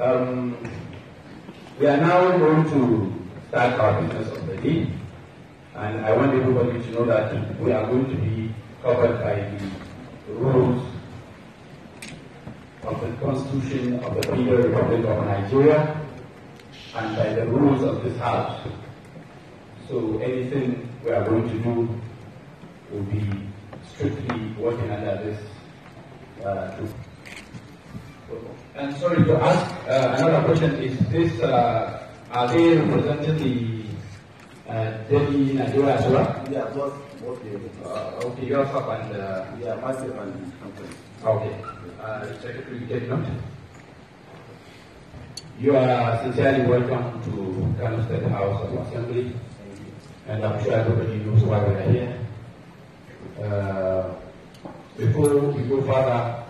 Um, we are now going to start our business of the day, and I want everybody to know that we are going to be covered by the rules of the Constitution of the Federal Republic of Nigeria and by the rules of this House. So anything we are going to do will be strictly working under this. Uh, I'm sorry to ask uh, another question. Is this, uh, are they representing the uh, Delhi, Nigeria as well? Yeah, both, both Delhi. Uh, okay, yourself and... Uh, yeah, myself and company. Okay. Uh, Secretary, you take note. You are sincerely welcome to Kano State House of Assembly. And I'm sure everybody knows why we are here. Uh, before we go further,